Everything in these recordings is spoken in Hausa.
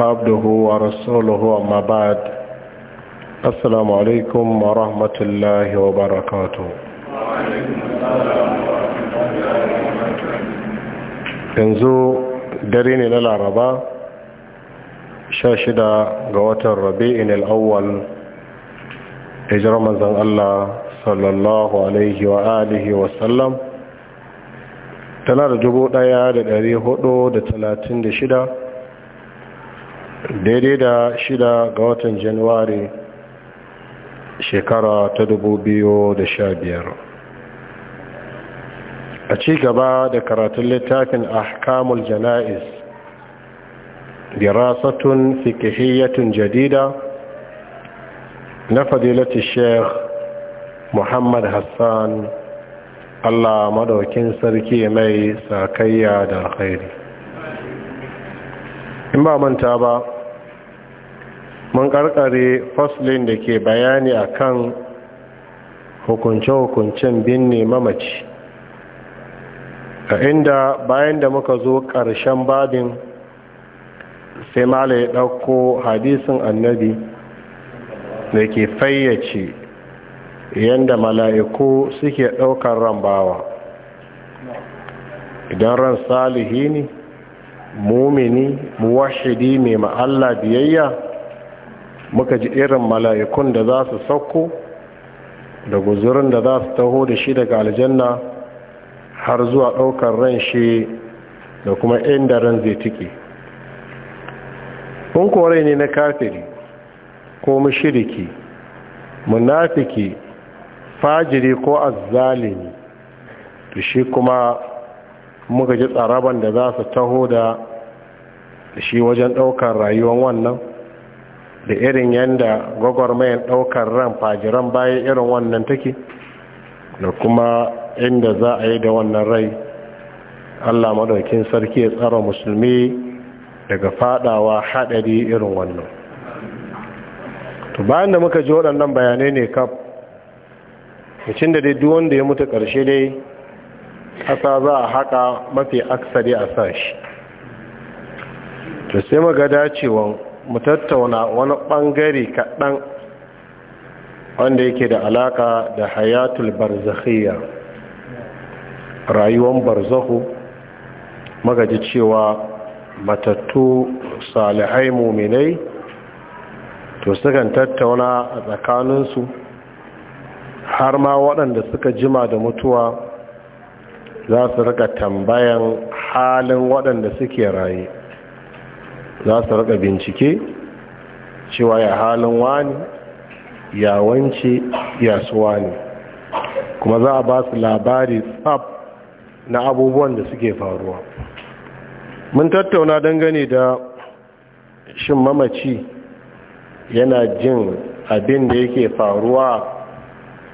عبده ورسوله أما بعد السلام عليكم ورحمة الله وبركاته yanzu dare ne na laraba 16 ga watan rabi'in al'awwal hijirar manzan Allah sallallahu alaihi wa alihi wasallam tana da dubu ɗaya da da da talatin da shida. daidai da shida ga watan januwari shekara ta dubu biyu da sha biyar. a ci gaba da karatun littafin ahkamul jana'iz dirasatun fikihiyyatun jadida na fadilati sheikh muhammad hassan allah madaukin sarki mai sakayya da alkhairi in ba manta ba mun karkare faslin da ke bayani a kan hukunce-hukuncen binne mamaci a inda bayan da muka zo ƙarshen babin sai mala ya ɗauko hadisin annabi da ke fayyace yadda mala'iku suke ɗaukar ran bawa idan ran salihi ne mumini muwahidi mai ma'alla biyayya muka ji irin mala'ikun da za su sauko da guzurin da za su taho da shi daga aljanna har zuwa ɗaukar ran shi da kuma inda ran zai tike kore ne na kafiri ko mashiriki munafiki fajiri ko azzalimi to shi kuma muka ji tsaraban da za su taho da shi wajen ɗaukar rayuwar wannan da irin yadda gwagwarmayan ɗaukar ran fajiran bayan irin wannan take da kuma inda za a yi da wannan rai allah madaukin sarki ya tsara musulmi daga fadawa haɗari irin wannan to bayan da muka ji waɗannan bayanai ne kaf mucin da dai duk wanda ya mutu ƙarshe dai ƙasa za a haƙa mafi aksari a sashi to sai maga dacewa mu tattauna wani ɓangare kaɗan wanda yake da alaƙa da hayatul barzakhiyya Rayuwar barzahu magaji cewa matattu salihai muminai to sukan tattauna a tsakaninsu har ma waɗanda suka jima da mutuwa za su rika tambayan halin waɗanda suke raye za su rika bincike cewa ya halin wani ya wance ya su ne kuma za a ba su labari tsab na abubuwan da suke faruwa mun tattauna dangane da shin mamaci yana jin abin da yake faruwa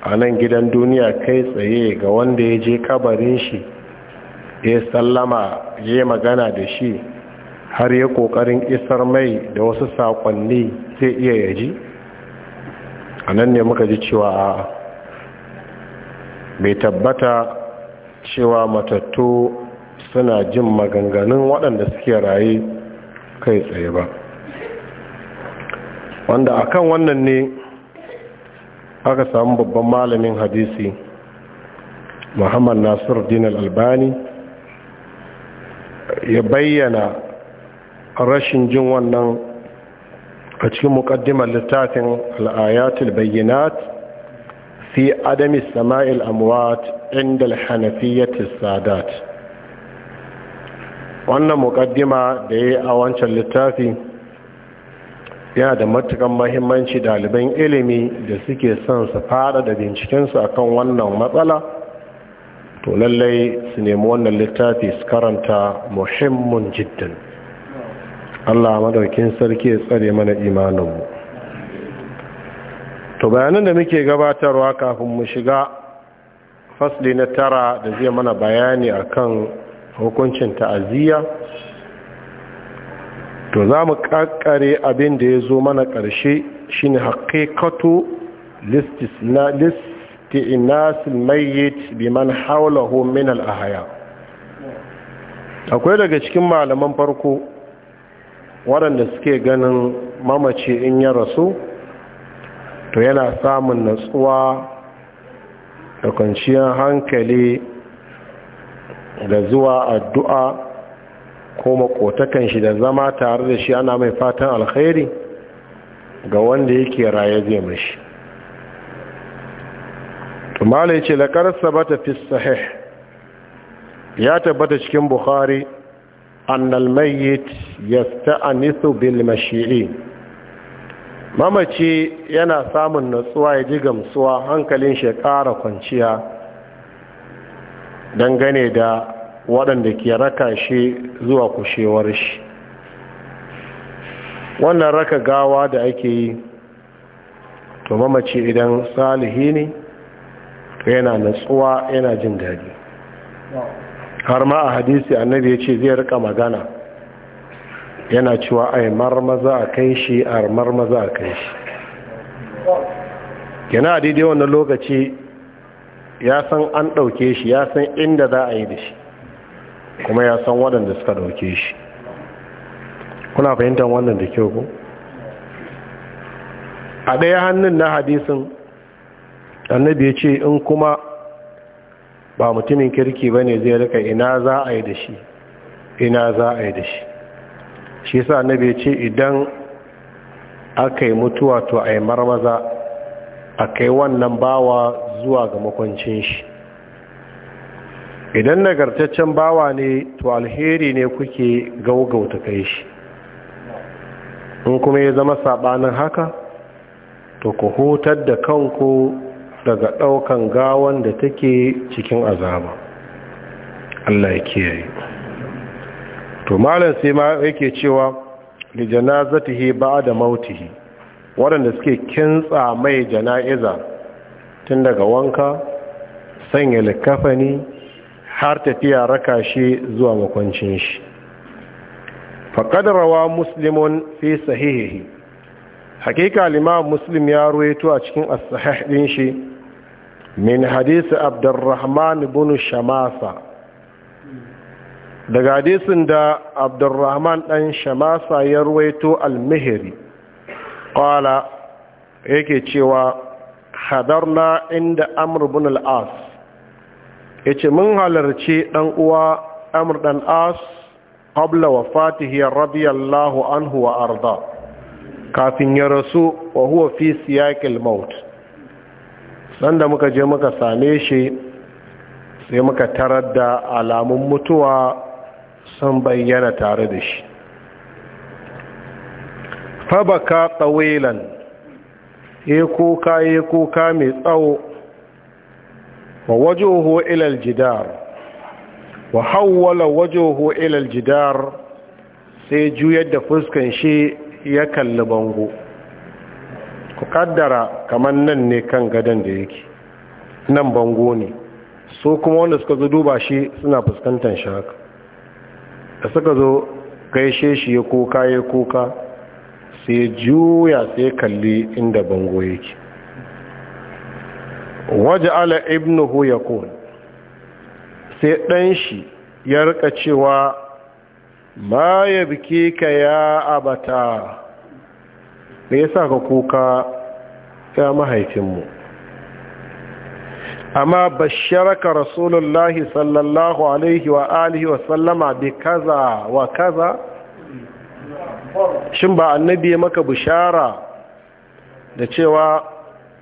a nan gidan duniya kai tsaye ga wanda ya je kabarin shi ya sallama ya magana da shi har ya kokarin isar mai da wasu sakonni zai iya yaji a nan ne muka ji cewa a bai tabbata cewa matattu suna jin maganganun waɗanda suke raye kai tsaye ba wanda akan wannan ne aka samu babban malamin hadisi muhammad nasir dina albani ya bayyana rashin jin wannan a cikin mukaddimar littafin al'ayatul bayyanat fi adami sama'il amwat inda alhanafiyyatis sadat wannan mukaddima da ya yi a wancan littafi yana da matukan mahimmanci ɗaliban ilimi da suke son su fara da bincikensu akan wannan matsala to lallai su nemi wannan littafi su karanta muhimmin jiddan Allah madaukin sarki ya tsare mana imaninmu to bayanan da muke gabatarwa kafin mu shiga fasli na tara da zai mana bayani akan hukuncin ta'aziyya to za mu kakare abin da ya zo mana ƙarshe shi ne haƙiƙatu listi'inasil mayyit biman haulahu min al'ahaya akwai daga cikin malaman farko waɗanda suke ganin mamaci in ya rasu to yana samun natsuwa da kwanciyar hankali da zuwa addu'a ko makotakan shi da zama tare da shi ana mai fatan alkhairi ga wanda yake raye zai mashi tumala ya ce laƙar sabata fi sahih ya tabbata cikin bukhari annal mayyit yasta'anisu bil mashi'i mamaci yana samun natsuwa ya ji gamsuwa hankalin shi ya ƙara kwanciya dangane da waɗanda ke raka shi zuwa kushewar shi wannan raka gawa da ake yi to mamaci idan salihi ne to yana natsuwa yana jin daɗi har ma a hadisi annabi ya ce zai rika magana yana cewa ai marmaza a kai shi a marmaza a kai shi yana daidai wannan lokaci ya san an ɗauke shi ya san inda za a yi da shi kuma ya san waɗanda suka ɗauke shi kuna fahimtar wannan da kyau ku a ɗaya hannun na hadisin annabi ya ce in kuma ba mutumin kirki ba ne zai rika ina za a yi da shi ina za a yi da shi shi sa annabi ya ce idan aka yi mutuwa to a yi marmaza a kai wannan bawa zuwa ga makwancin shi idan nagartaccen bawa ne to alheri ne kuke gaugauta kai shi in kuma ya zama sabanin haka to ku hutar da kanku daga daukan gawan da take cikin azaba Allah ya kiyaye to malam sai ma yake cewa li janazatihi ba'da mautihi waɗanda suke kintsa mai jana'iza tun daga wanka sanya likafani har tafiya raka shi zuwa makwancin shi faƙadarawa rawa muslimun fi sahihihi hakika limam muslim ya ruwaito a cikin as ɗin shi min hadisi abdurrahman ibn shamasa daga hadisin da abdurrahman ɗan shamasa ya ruwaito al ƙwala yake cewa hadarna inda amur ibn al'as ya ce mun halarci ɗan uwa amur ɗan as qabla wa fatihiyar radiyallahu anhu wa arda kafin ya rasu wa huwa fi siyakil maut sanda muka je muka same shi sai muka tarar da alamun mutuwa sun bayyana tare da shi fabaka tsawilan ya kuka ya kuka mai tsawo ووجهه إلى الجدار وحول وجهه إلى الجدار سيجو يد فسكن شيء يكل بانغو kukaddara kamar nan ne kan gadon da yake nan bango ne su kuma wanda suka zo duba shi suna fuskantar shi da suka zo gaishe shi ya kuka ya kuka sai juya sai kalli inda bango yake waje ala ibnuhu ya sai ɗan shi ya rika cewa ma ya biki ka ya abata me sa ka kuka ya mahaifinmu amma basharaka rasulullahi sallallahu alaihi wa alihi wa sallama bi kaza wa kaza shin ba annabi maka bishara da cewa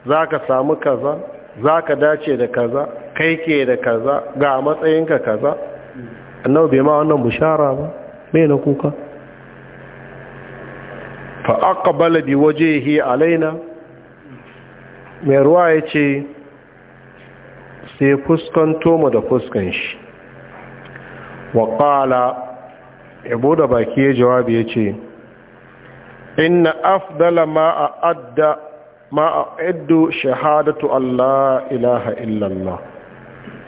za ka samu kaza za ka dace da kaza kai ke da kaza ga matsayinka kaza annabi bai ma wannan bushara ba mai na kuka fa aqbala bi wajhihi alaina mai ruwa ya ce sai fuskanto mu da fuskan shi wa qala ibo da baki ya jawabi ya ce inna afdala ma a adda. ma a iddu shahadatu Allah ilaha illallah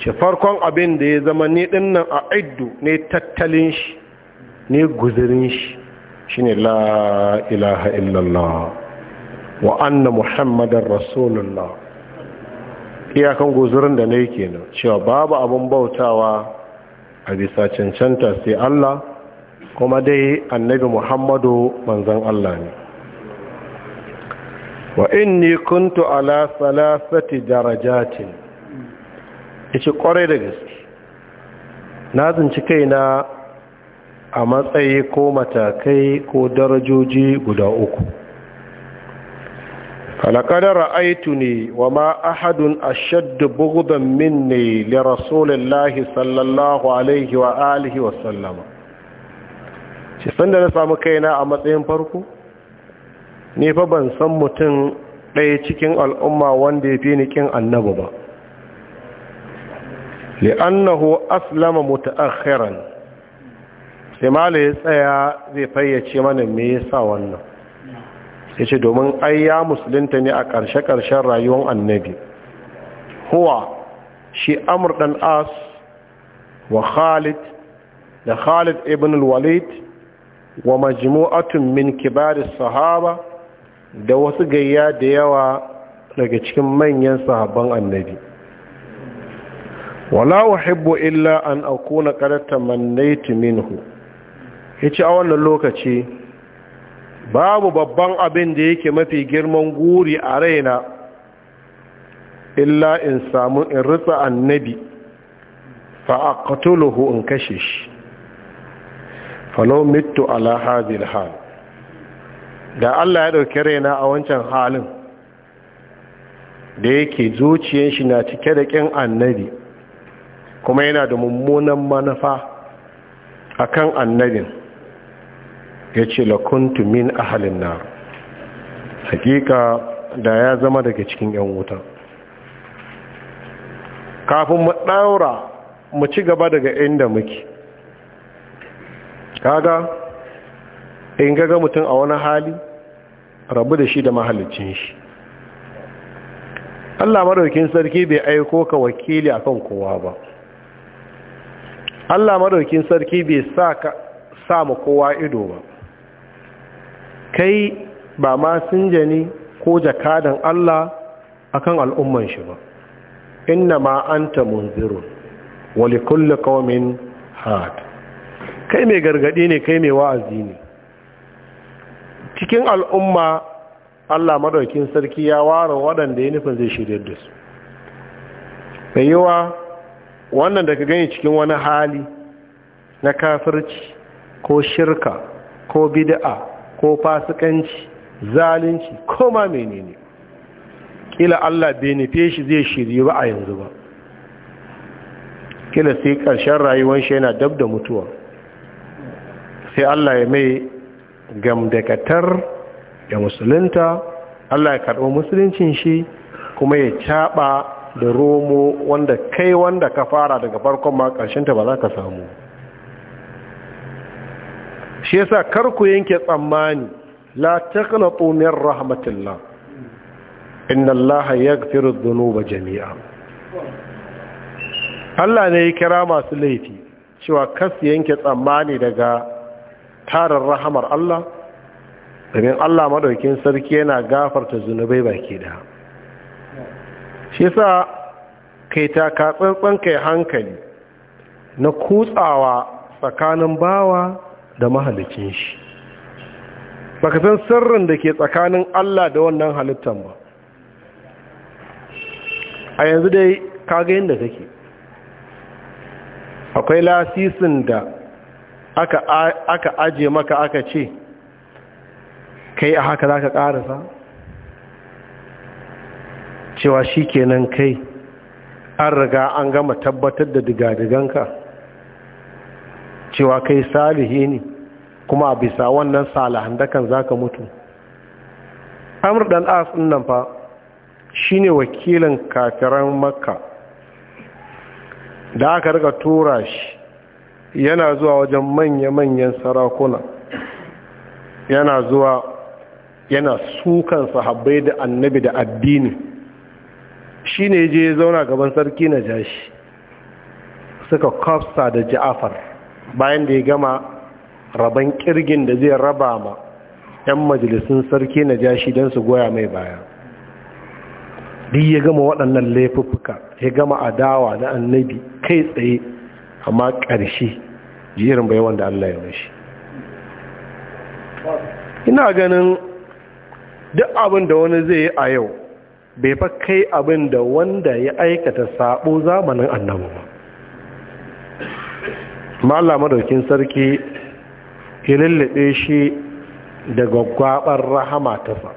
ce farkon abin da ya zama ni nan a iddu ne tattalin shi ne guzirin shi shine la ilaha illallah wa anna muhammadar rasulullah iyakan guzurin da na yi kenan cewa babu abin bautawa a bisa cancanta sai Allah kuma dai annabi Muhammadu manzan Allah ne wa inni kuntu ala salasati darajatin ishi kwarai da gaske na zinci kaina a matsayi ko matakai ko darajoji guda uku falakada ra'aitu ne wa ma ahadun ashaddu bugudan min ne li rasulillahi sallallahu alaihi wa alihi wasallama ce sanda na samu kaina a matsayin farko? ni fa ban san mutum ɗaya cikin al'umma wanda ya fi ni kin annabi ba li'annahu aslama mutaakhiran sai mala ya tsaya zai fayyace mana me yasa wannan yace domin ai ya musulunta ne a ƙarshe-ƙarshen rayuwar annabi huwa shi amr dan as wa khalid da khalid ibn al-walid wa majmu'atun min kibar as-sahaba da wasu gayya da yawa daga cikin manyan sahabban annabi wala uhibbu illa an akuna qad tamannaytu minhu yace a wannan lokaci babu babban abin da yake mafi girman guri a raina illa in samu in ritsa annabi fa aqtuluhu in kashe shi falau mittu ala hadhihi al da Allah ya ɗauki raina a wancan halin da yake zuciyar shi na cike da ƙin annabi kuma yana da mummunan manufa a kan annabin ya ce lakuntu min ahalin na hakika da ya zama daga cikin 'yan wuta kafin mu ɗaura mu ci gaba daga inda muke kaga in gaga mutum a wani hali rabu da shi da mahallicin shi Allah madaukin sarki bai aiko ka wakili akan kowa ba Allah madaukin sarki bai sa ka sa mu kowa ido ba kai ba ma sun ne ko jakadan Allah akan al'umman shi ba inna ma anta munzirun wa likulli qaumin had kai mai gargadi ne kai mai wa'azi ne cikin al'umma Allah maɗaukin sarki ya ware waɗanda ya nufin zai shirya da su da yawa wannan da ka gani cikin wani hali na kafirci ko shirka ko bid'a ko fasikanci zalunci ko ma menene kila Allah bai nufe shi zai shirya ba a yanzu ba kila sai ƙarshen rayuwar shi yana dab da mutuwa sai Allah ya mai gamdakatar da musulunta Allah ya karɓi musuluncin shi kuma ya caɓa da romo wanda kai wanda ka fara daga farkon ma ta ba za ka samu shi yasa ku yanke tsammani la taqnatu min rahmatillah inna allaha yaghfiru dhunuba jami'a Allah ne ya kira masu laifi cewa kas yanke tsammani daga tarar rahamar Allah domin Allah maɗaukin sarki yana gafarta zunubai baki da shi sa kai ta ka tsantsan kai hankali na kutsawa tsakanin bawa da mahalicin shi baka sirrin da ke tsakanin Allah da wannan halittan ba a yanzu dai kaga yadda take akwai lasisin da aka ajiye aje maka aka ce kai a haka za ka ƙarasa? cewa shi kenan kai an riga an gama tabbatar da digadiganka cewa kai salihi ne kuma a bisa wannan salahan dakan ka mutu amur dan as nan fa ne wakilin kafiran makka da aka riga tura shi yana zuwa wajen manya-manyan sarakuna yana zuwa yana sukan sahabbai da annabi da addini shi ne je zauna gaban sarki na jashi suka kafsa da ja'afar bayan da ya gama rabon kirgin da zai raba ma 'yan majalisun sarki na jashi don su goya mai baya duk ya gama waɗannan laifuffuka ya gama adawa na annabi kai tsaye amma ƙarshe jirin bai wanda Allah ya mashi ina ganin duk abin da wani zai yi a yau bai fa kai abin da wanda ya aikata sabo zamanin annabu. ba ma'ala madaukin sarki ya lullube shi daga gwabar rahama ta sa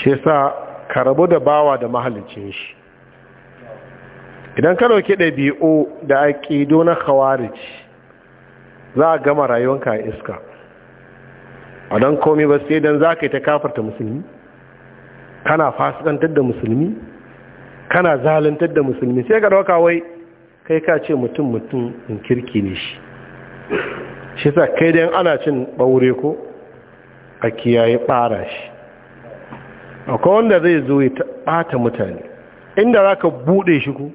shi sa ka da bawa da mahalicin shi idan ka dauki ɗabi'u da aƙido na khawarij za a gama rayuwanka a iska a don komi ba sai don za ka yi ta kafarta musulmi kana fasikantar da musulmi kana zalantar da musulmi sai ka dauka wai kai ka ce mutum mutum in kirki ne shi shi sa kai don ana cin ɓaure ko a kiyaye ɓara shi akwai wanda zai zo ya ɓata mutane inda za ka buɗe shi ku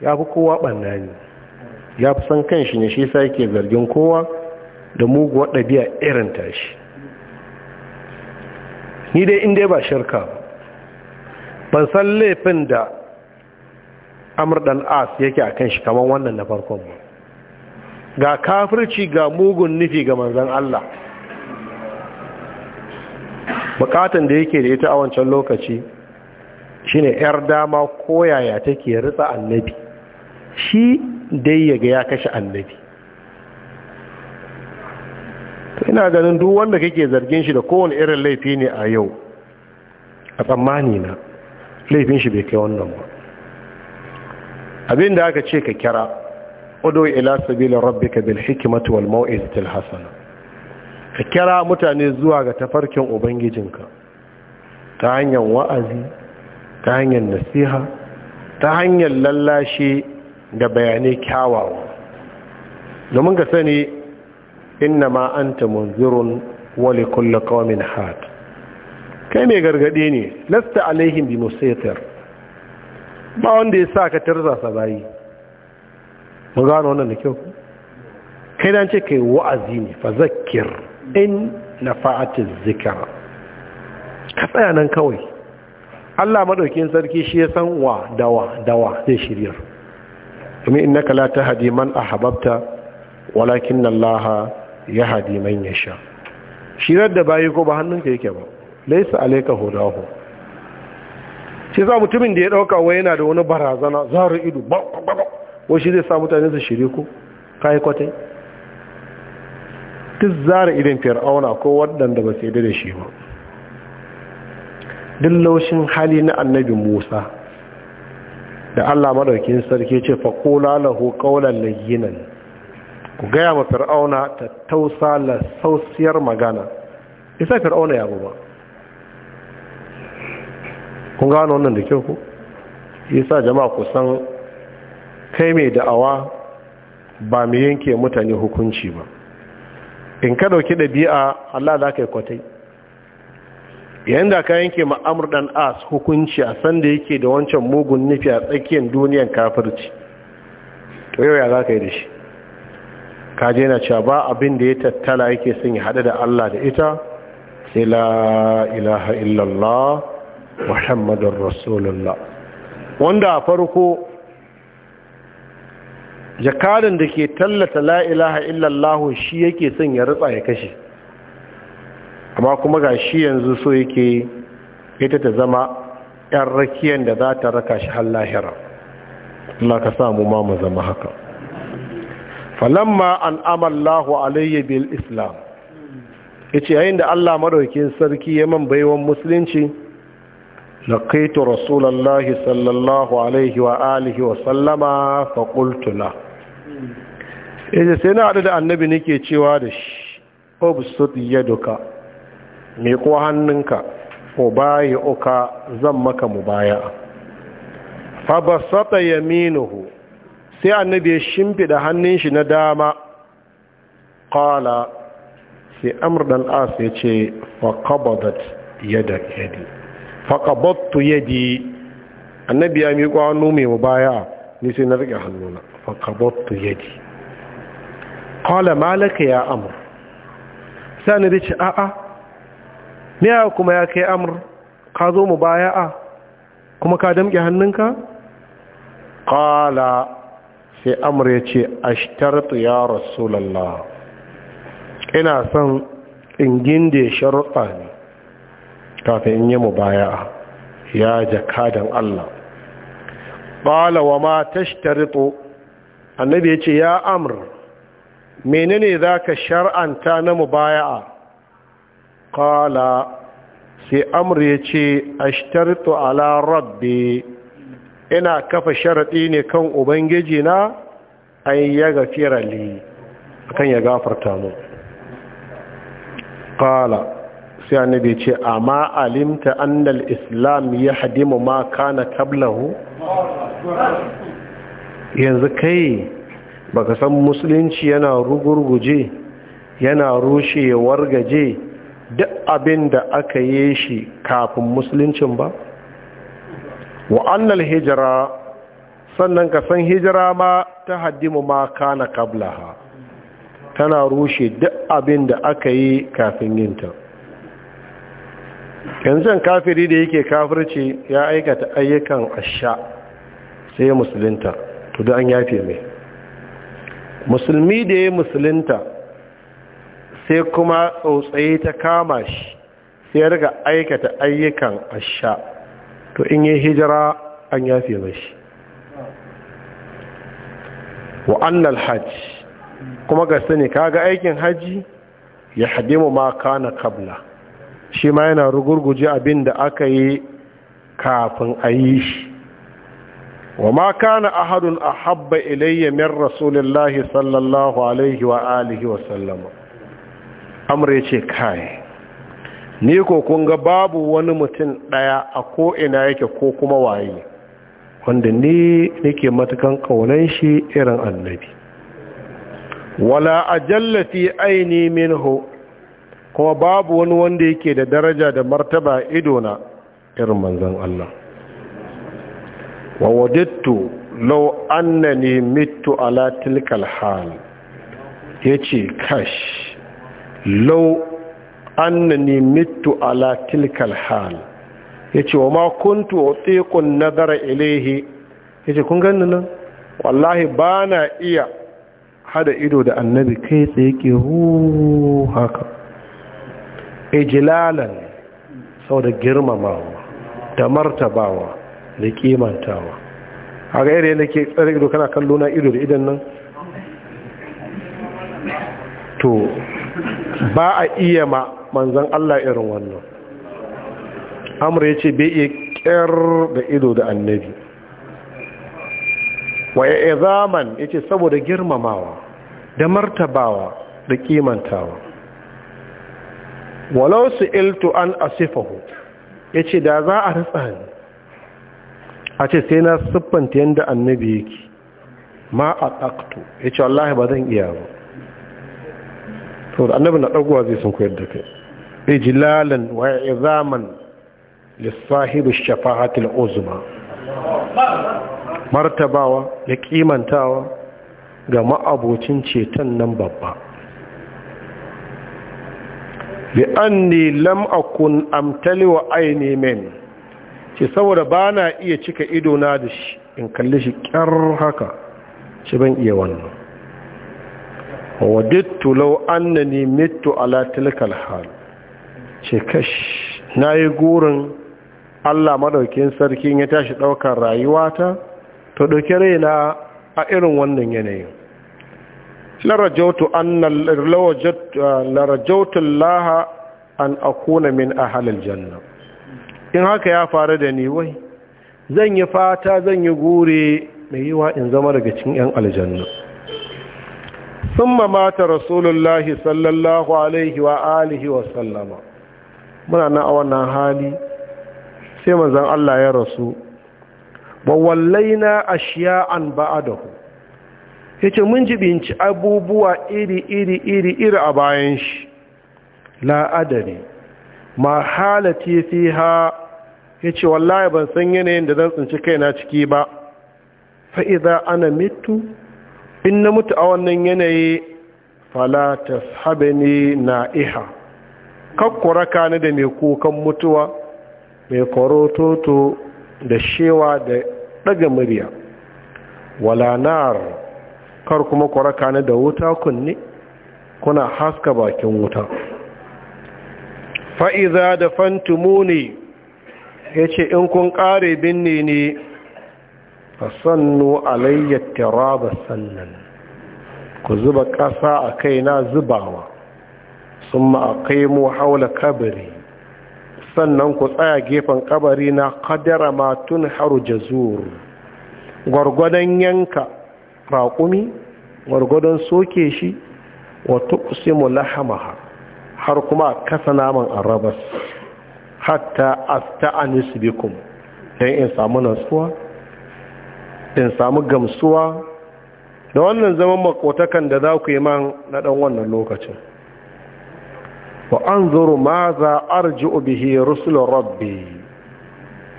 ya fi kowa ɓanna ne ya fi san kan shi ne shi sa yake zargin kowa da muguwar ɗabi'a irin tashi ni dai inda ba shirka ban san laifin da amur as yake a kan shi kamar wannan na farkon ba ga kafirci ga mugun nufi ga manzan Allah bukatan da yake da ita a wancan lokaci Shi ne yar dama ko yaya take ritsa annabi shi dai yaga ya kashe annabi ina ganin duk wanda kake zargin shi da kowane irin laifi ne a yau a tsammani na laifin shi bai kai wannan ba abinda aka ce ka kira udu ila sabila rabbika bil Hikimatu wal mau'izatil hasana ka kira mutane zuwa ga tafarkin ubangijinka ta hanyar wa'azi ta hanyar nasiha ta hanyar lallashi da bayanai kyawawa domin ka sani inna ma an ta munzirun wale kulla kawamin hat kai mai gargaɗe ne lasta alaihin bi musaitar ba wanda ya sa ka tarzasa bayi mu gano wannan da kyau kai na ce kai wa'azi ne fa zakir in na nafa'atiz zikara. ka tsaya nan kawai Allah madaukin sarki shi ya san wa dawa dawa zai shirya kuma innaka la tahdi man ahbabta walakin Allah yahdi man yasha shirar da bayi ko ba hannunka yake ba laysa alayka hudahu shi za mutumin da ya dauka wai yana da wani barazana zaru ido ba ba wai shi zai sa mutane su shiri ko kai kwatai duk zara idan fir'auna ko waɗanda ba su yi da shi ba duk laushin hali na annabi musa da allah maɗaukin sarki ce faƙola lahu ƙaunar layyinan ku gaya ma fir'auna ta tausa lasausiyar magana isa fir'auna ya ba kun gano wannan da kyau ku isa jama'a san kai mai da'awa ba mai yanke mutane hukunci ba in ka ɗauki ɗabi'a allah za ka yi kwatai yayin da ka yanke ma'amur dan as hukunci a sanda yake da wancan mugun nufi a tsakiyar duniyar kafirci to yau ya za ka yi da shi ka je na cewa ba abin da ya tattala yake son ya haɗe da allah da ita sai la ilaha illallah muhammadun rasulullah wanda a farko jakadan da ke tallata la ilaha illallah shi yake son ya rutsa ya kashe amma kuma ga shi yanzu so yake ita ta zama yan rakiyan da za ta raka shi har lahira Allah ka samu ma mu zama haka falamma an amallahu alayya bil islam yace yayin da Allah madaukakin sarki ya man baiwan musulunci sallallahu alaihi wa alihi wa sallama fa qultu la yace sai na له annabi nake cewa da shi أبسط yaduka Mai ko hannunka ubayi uka zan maka mu mubaya fabasata yaminuhu sai annabi ya shimfida hannun shi na dama qala sai amr dan as ya ce faqabadat yada yadi faqabattu yadi annabi ya miƙo hannu mai baya ni sai na rike hannuna faqabattu yadi qala malaka ya amr sai annabi ce a'a ne ya kuma ya kai amur ka zo mu baya a kuma ka damke hannunka ƙala sai amur ya ce ashtartu ya rasulallah ina son ingin da ya sharuɗa ne kafin in yi mu baya ya jaka don Allah ƙala wa ma tashtaritu annabi ya ce ya amur menene za ka shar'anta na mu baya a? qala sai amr ya ce ashtartu ala rabbi ina kafa sharaɗi ne kan ubangiji na an ya gafira li kan ya gafarta mu qala sai annabi ce amma alimta annal islam ya ma kana kablahu yanzu kai baka san musulunci yana rugurguje yana rushe wargaje abin da aka yi shi kafin musuluncin ba wa'annan hijira sannan ka san hijira ma ta haddimu ma kana kablaha tana rushe duk abin da aka yi kafin yinta yanzu kafiri da yake kafirci ya aikata ayyukan asha sai musulunta to da an yafe mai musulmi da ya musulunta sai kuma tsotsaye ta kama shi sai ya riga aikata ayyukan asha to in yi hijira an yafe mashi shi. annal hajj kuma ga sani kaga aikin Hajji? ya mu maka na kabla shi ma yana rugurguje abin da aka yi kafin a yi shi wa ma kana ahadun ahabba ilayya min rasulullahi sallallahu alaihi wa alihi wa sallama amur ya ce kai ni ko kun ga babu wani mutum ɗaya a ko ina yake ko kuma waye wanda ni nake matukan ƙaunan shi irin annabi wala a jallafi aini minhu kuma babu wani wanda yake da daraja da martaba idona irin manzan Allah wa wadattu law annani mittu ala tilkal hal yace kash lau annani mitu ala tilkal hal ce wa ma kuntu tsikon nazara Ya ce kun ganni nan wallahi bana iya hada ido da annabi kai tsaye ke hu haka sau da girmamawa da martabawa da kimantawa a ga yadda ke tsare ido kana kallo na ido da idan nan to ba a iya ma manzan Allah irin wannan amur ya ce bai iya da ido da annabi waya zaman ya ce saboda girmamawa da martabawa da kimantawa walau su iltu an asifahu ya ce da za a ritsa a ce sai na siffanta yadda annabi yake ma a ɗaktu ya ce wallahi ba zan iya ba saboda annabi na ɗaguwa zai sun koyar da kai ijilalan wa izaman lissahibi shafa'atul uzma martabawa da kimantawa ga ma'abocin ceton nan babba an lam akun amtali wa aini min ce saboda ba na iya cika idona da shi in kalli shi kyar haka shi ban iya wannan wadittu lau annani mitu ala tilkal hal ce na yi gurin Allah madaukin sarki ya tashi daukar rayuwata ta dauke raina a irin wannan yanayin larajautu anna laha an akuna min a halin janna in haka ya faru da ni wai zan yi fata zan yi gure mai yiwa in zama daga cikin yan aljanna sun mata rasulullahi sallallahu alaihi wa alihi wa sallama muna na a wannan hali sai mazan Allah ya rasu wa wallaina ashiya'an ba'adahu ce mun binci abubuwa iri iri iri iri a bayan shi la adari ma halati Ya yace wallahi ban san yanayin da zan tsinci kaina ciki ba Fa'iza ana mitu in na mutu a wannan yanayi fala tashabani na'iha kakkura ni da mai kukan mutuwa mai korototo da shewa da ɗaga murya wala nar kar kuma kuraka ni da wuta kunni, kuna haska bakin wuta fa'iza da fantumuni ya ce in kun ƙare binne ne fasannu alayya tiraba sannan ku zuba ƙasa a kaina zubawa sun mu haula kabari sannan ku tsaya gefen kabari na kadara matun haru jazur gwargwadon yanka raƙumi gwargwadon soke shi wata usimu lahamaha har kuma a kasa naman arabas hatta asta'anisu bikum don in samu natsuwa in samu gamsuwa da wannan zaman makotakan da za ku yi man na ɗan wannan lokacin wa an zuru ma za arji bihi rusulun rabbi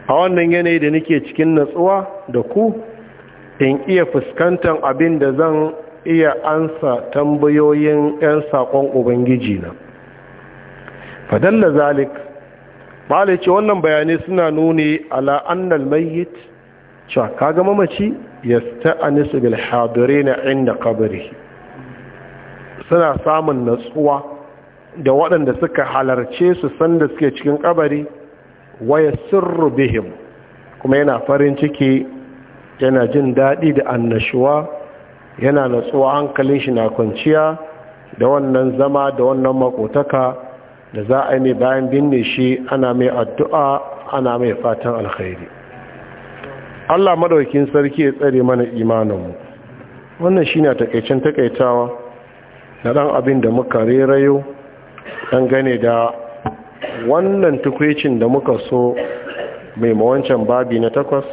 a wannan yanayi da nake cikin natsuwa da ku in iya fuskantar abin da zan iya ansa tambayoyin 'yan saƙon ubangiji na fadalla zalik ba ce wannan bayanai suna nuni ala annal mayyit cewa kaga mamaci ya sta'anisu bil na inda kabari suna samun natsuwa da waɗanda suka halarce su sanda suke cikin kabari waya sirru bihim kuma yana farin ciki yana jin daɗi da annashuwa yana natsuwa hankalin shi na kwanciya da wannan zama da wannan makotaka da za a yi mai bayan binne shi ana mai addu'a ana mai fatan alkhairi Allah madaukin sarki ya tsare mana imaninmu wannan shine takaicin takaitawa na ɗan abin da muka rerayo dan gane da wannan tukwicin da muka so mai mawancan babi na takwas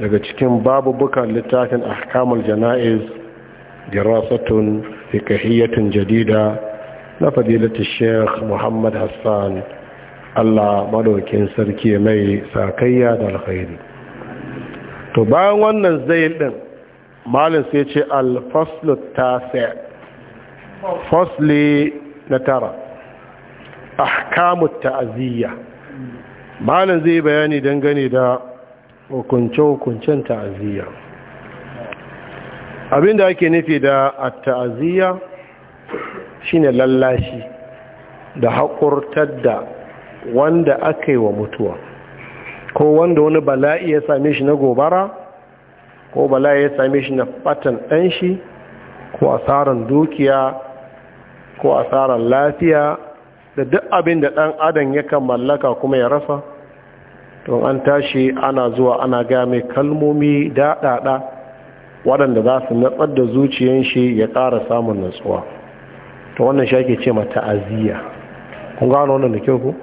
daga cikin babu-bukan littafin ahkamul jana'iz dirasatun fiqhiyyatun jadida na fadilatu sheikh Muhammad Hassan Allah madaukin sarki mai sakayya da alkhairi to bayan wannan zayin din malin sai ce alfaslu tasa fasli na tara ahkamu ta'aziyya malin zai bayani dangane da hukunce-hukuncen ta'aziyya abinda ake nufi da ta'aziyya shine lallashi da haƙurtar da wanda aka yi wa mutuwa ko wanda wani bala'i ya same shi na gobara ko bala'i ya same shi na fatan ɗanshi, shi ko asaran dukiya ko asaran lafiya da duk abin da ɗan adam ya kan mallaka kuma ya rasa to an tashi ana zuwa ana game kalmomi daɗaɗa waɗanda za su natsar da zuciyan shi ya ƙara samun natsuwa to wannan shi ake ce ma ta'aziyya kun gano wannan da kyau ku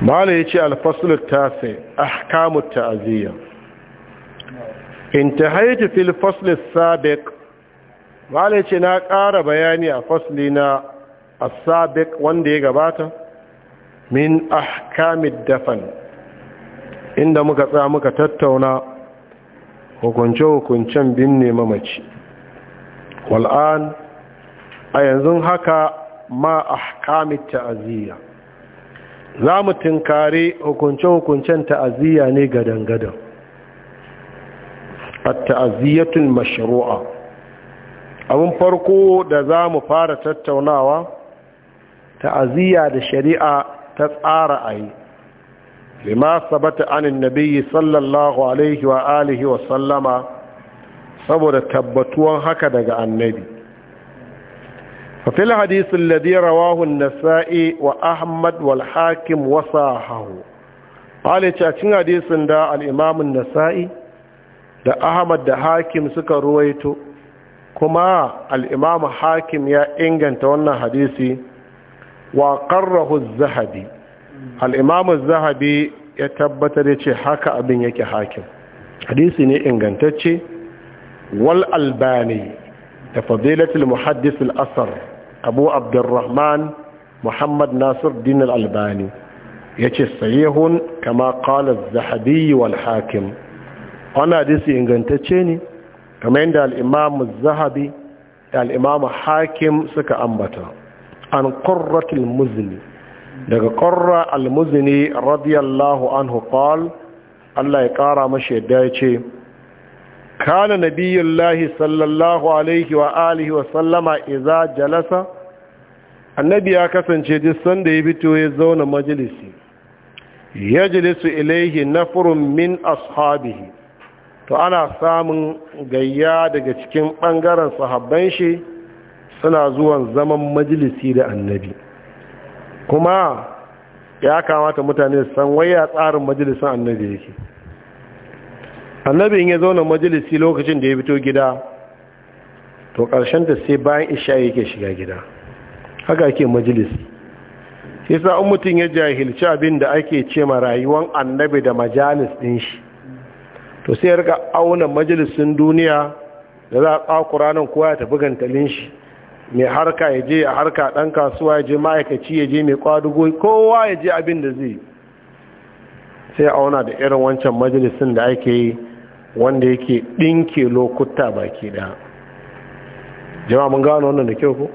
mala ya ce alfasul tasi ahkamu ta'aziyya intahaitu fil fasl sabik mala ya ce na ƙara bayani a fasli na a sabiq wanda ya gabata min ahkamid dafan inda muka tsaya muka tattauna hukunce-hukuncen binne mamaci wal'an a yanzu haka ma ahkamit ta'aziyya za mu tinkari hukunce-hukuncen ta'aziyya ne ga gadan a ta'aziyyatun masharu'a abin farko da za mu fara tattaunawa ta'aziyya da shari'a ta tsara a yi lima sabata anin nabiyyi sallallahu alaihi wa alihi wa sallama saboda tabbatuwan haka daga annabi ففي الحديث rawahun رواه النسائي وأحمد والحاكم وصاحه قال تشاكين حديث دا الإمام النسائي da Ahmad da Hakim suka ruwaito kuma al Hakim ya inganta wannan hadisi wa qarrahu zahabi al-Imam zahabi ya tabbatar yace haka abin yake Hakim hadisi ne ingantacce wal Albani da fadilatul muhaddis Asar abu abdurrahman muhammad nasir din al-albani yace sahihun kama qala az-zahabi wal hakim ana disi ingantacce ne kamar yadda al-imam az-zahabi da al-imam hakim suka ambata an qurratul muzni daga qurra al-muzni radiyallahu anhu qala Allah ya kara mashi yadda yace kana lahi sallallahu alaihi wa alihi wa sallama iza jalasa annabi ya kasance duk sanda ya fito ya zauna majalisi jalisu ilaihi nafrun min ashabihi to ana samun gayya daga cikin bangaren sahabban shi suna zuwan zaman majalisi da annabi kuma ya kamata mutane san waya tsarin majalisin annabi yake annabin ya zauna majalisi lokacin da ya fito gida to ƙarshen ta sai bayan isha yake shiga gida haka ake majalisi sai sa in mutum ya jahilci abin da ake ce ma rayuwan annabi da majalis ɗin shi to sai rika auna majalisin duniya da za a tsakura nan kowa ya tafi gantalin shi mai harka ya je a harka ɗan kasuwa ya je ma'aikaci ya je mai kwadugo kowa ya je abin da zai sai auna da irin wancan majalisin da ake yi wanda yake ɗinke lokuta baki ɗaya jama'a mun gano wannan da kyau ko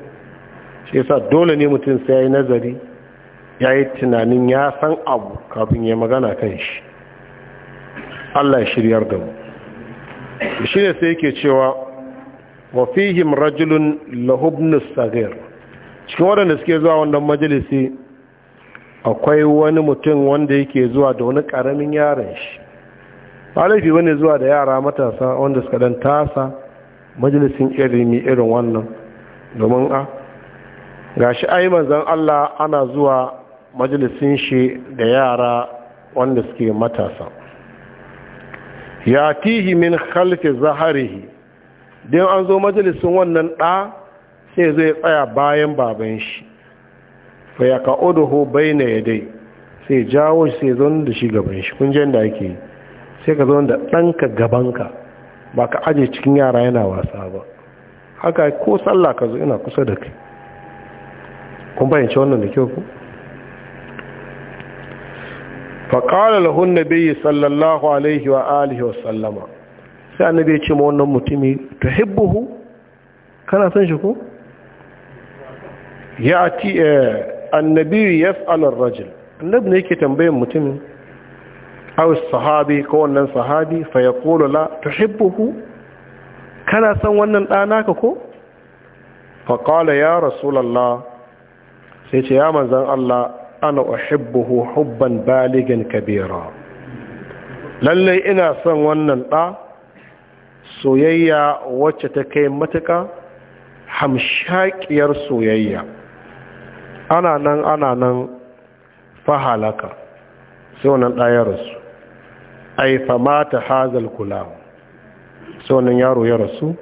shi yasa dole ne mutum sai ya yi nazari ya yi tunanin ya san abu kafin ya magana kan shi allah ya shiryar da mu shi ne sai yake cewa wafihim rajulun lahubnus sagir cikin waɗanda suke zuwa wannan majalisi akwai wani mutum wanda yake zuwa da wani ƙaramin yaron shi ba wani zuwa da yara matasa wanda suka dan tasa majalisin ilimi irin wannan domin a gashi ai manzon Allah ana zuwa majalisin shi da yara wanda suke matasa ya tihi min khalfi zaharihi don an zo majalisin wannan ɗa sai zai tsaya bayan baban shi fa ya ka'uduhu bayna yadai sai jawo sai zon da shi gaban shi kun da ake yi sai ka zo da ɗanka gabanka ba ka aje cikin yara yana wasa ba haka ko sallah ka zo ina kusa da kai kun fahimci wannan da kyau ku faƙalar lahun biyu sallallahu alaihi wa alihi wasallama sai an ya ce ma wannan mutumi ta hibbuhu kana son shi ku. ya ati eh, annabi ya rajul annabi ne yake tambayin mutumin aw sahabi ko wannan sahabi fa yaqulu la tuhibbuhu kana san wannan ɗa naka ko fa qala ya rasulullah sai ce ya manzan Allah ana uhibbuhu hubban baligan kabira lallai ina son wannan ɗa soyayya wacce ta kai matuka? hamshakiyar soyayya ana nan ana nan fahalaka sai wannan ya rasu ai famata hazal kula so nan yaro ya rasu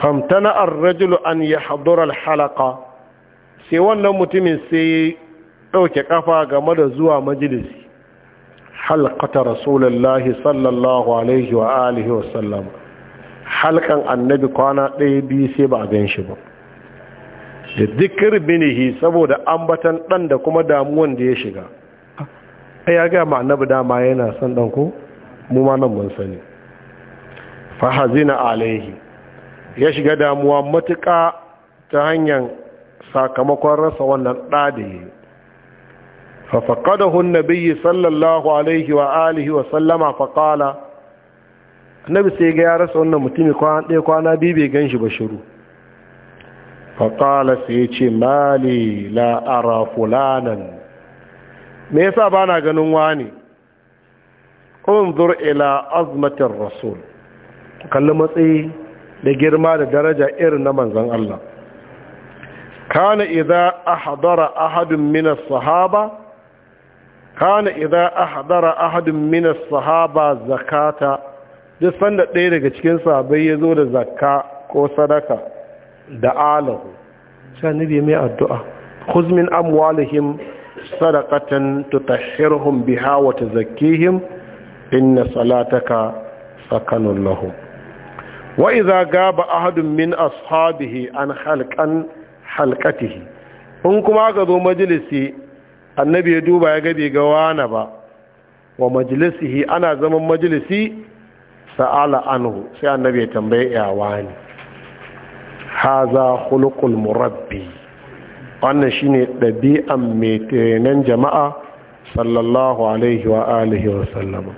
famtana ar rajul an yahdura al-halaqa sai wannan mutumin sai dauke kafa game da zuwa majalisi halqata rasulullahi sallallahu alaihi wa alihi wa sallam halkan annabi kwana ɗaya biyu sai ba a gan shi ba da zikir binihi saboda ambatan ɗan da kuma damuwan da ya shiga ai ya gaya ma annabi dama yana son dan ko mu ma nan mun sani fa hazina alaihi ya shiga damuwa matuƙa ta hanyar sakamakon rasa wannan da da yi fa faqadahu an sallallahu alaihi wa alihi wa sallama fa qala annabi sai ga ya rasa wannan mutumi kwana ɗaya kwana biyu bai ganshi ba shiru fa qala sai ya ce mali la ara fulanan me yasa ba na ganin wani unzur ila azmatin rasul kalli matsayi da girma da daraja irin na manzan Allah kana idza ahdara ahadun min as-sahaba kana idza ahdara ahadun min as-sahaba zakata duk sanda ɗaya daga cikin sahabbai yazo da zakka ko sadaka da alahu sai nabi mai addu'a khuz min amwalihim sadaqatan tutahhiruhum biha wa tuzakkihim inna salataka sakanun lahum wa idza gaba ahadun min ashabihi an halqan halqatihi in kuma ka zo majalisi annabi ya duba ya gabe ga wani ba wa majalisihi ana zaman majalisi sa'ala anhu sai annabi ya tambaye ya wani haza khuluqul murabbi wannan shine ɗabi'an mai jama'a sallallahu alaihi wa alihi wa sallama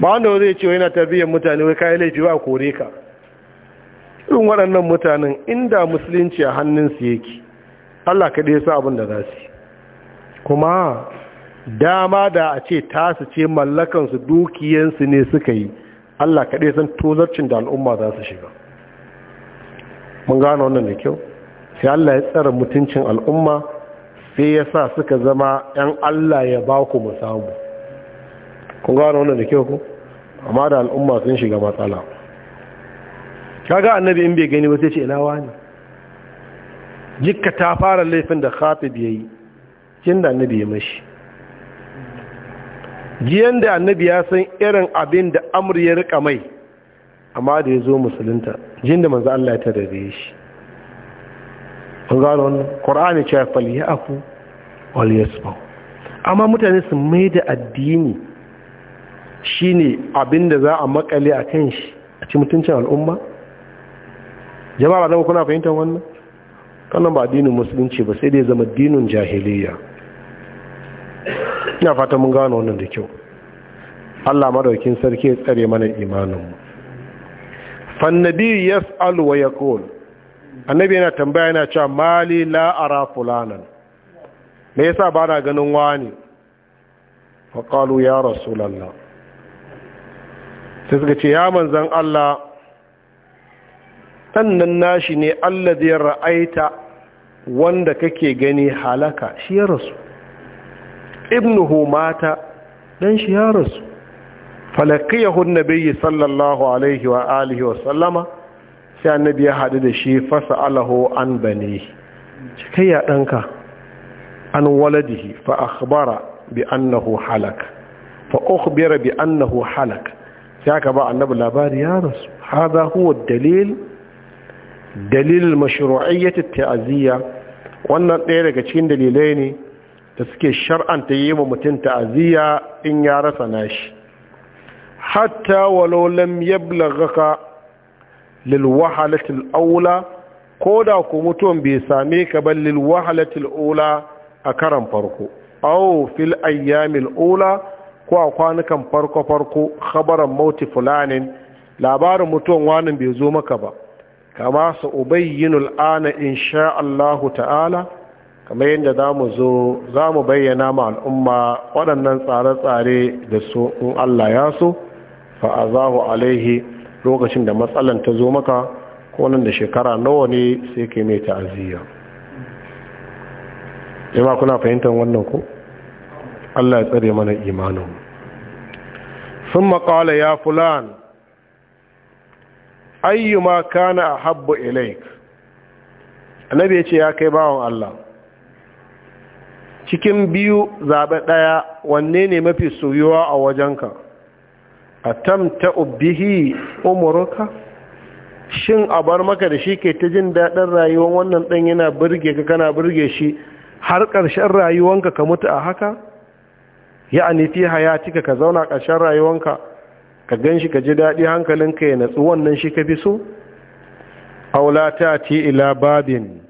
ba wanda zai ce yana tarbiyyar mutane wai kayan laifi ba kore ka in waɗannan mutanen inda musulunci a hannunsu yake Allah kaɗai sa abin da za su kuma dama da a ce tasu ce mallakansu dukiyansu ne suka yi Allah kaɗai san tozarcin da al'umma za su shiga mun gane wannan da kyau sai Allah ya tsara mutuncin al'umma sai ya sa suka zama ‘yan Allah ya ba ku musamu kun gano wannan da kyau ku amma da al'umma sun shiga matsala ga annabi in bai gani ba sai ce ina wani jikka ta fara laifin da khatib yi, Jin da annabi ya mashi jiyan da annabi ya san irin abin da amur ya riƙa mai amma da ya zo musulunta jin da manzo Allah ya tarare shi sun gano wannan ya cewa ya aku waliyasbau amma mutane su mai da addini shine abin da za a makale a kan shi a ci mutuncin al'umma jama'a zama kuna fahimtar wannan kanan ba addinin musulunci ba sai dai zama dinin jahiliya ina fata mun gano wannan da kyau Allah madaukin sarki ya tsare mana imaninmu fannabi yas'alu wa annabi yana tambaya yana cewa mali la ara fulanan me yasa ba na ganin wani fa qalu ya rasulullah sai suka ce ya manzan Allah sannan nashi ne allazi ra'aita wanda kake gani halaka shi ya rasu ibnuhu mata dan shi ya rasu falakiyahu nabiyyi sallallahu alaihi wa alihi wa sallama sai annabi ya haɗu da shi fasa alahu an bane cikai ya ɗanka an waladihi fa akhbara bi annahu halak fa ukhbira bi annahu halak sai aka ba annabi labari ya rasu hadha huwa dalil dalil mashru'iyyat taziya wannan ɗaya daga cikin dalilai ne da suke shar'anta yi wa mutum ta'aziyya in ya rasa nashi hatta walau lam lil wahalatil aula ko da ku mutum bai same ka ba lil wahalatil a'ula a karan farko aw fil ayyamil a'ula ko a kwanukan farko farko khabaran mauti fulanin labarin mutum wani bai zo maka ba kama su ubayyinul ana insha Allahu ta'ala kamar yadda za mu zo za mu bayyana ma al'umma waɗannan tsare-tsare da su in Allah ya so fa'azahu alaihi lokacin da matsalan ta zo maka ko nan da shekara nawa ne sai yi mai ta'aziyya jama'a kuna fahimtar wannan ko Allah ya tsare mana imanin ثم قال يا فلان kana a أحب ilaik annabi ya ce ya kai bawan Allah cikin biyu zaɓe ɗaya wanne ne mafi soyuwa a wajenka ta bihi umuruka shin a bar maka da shi ke ta jin daɗin rayuwar wannan ɗan yana birge ka kana birge shi har ƙarshen rayuwanka ka mutu a haka ya fi hayatika ka zauna ƙarshen rayuwanka ka gan shi ka ji daɗi hankalinka ya natsu wannan shi ka fi so aula ta ila babin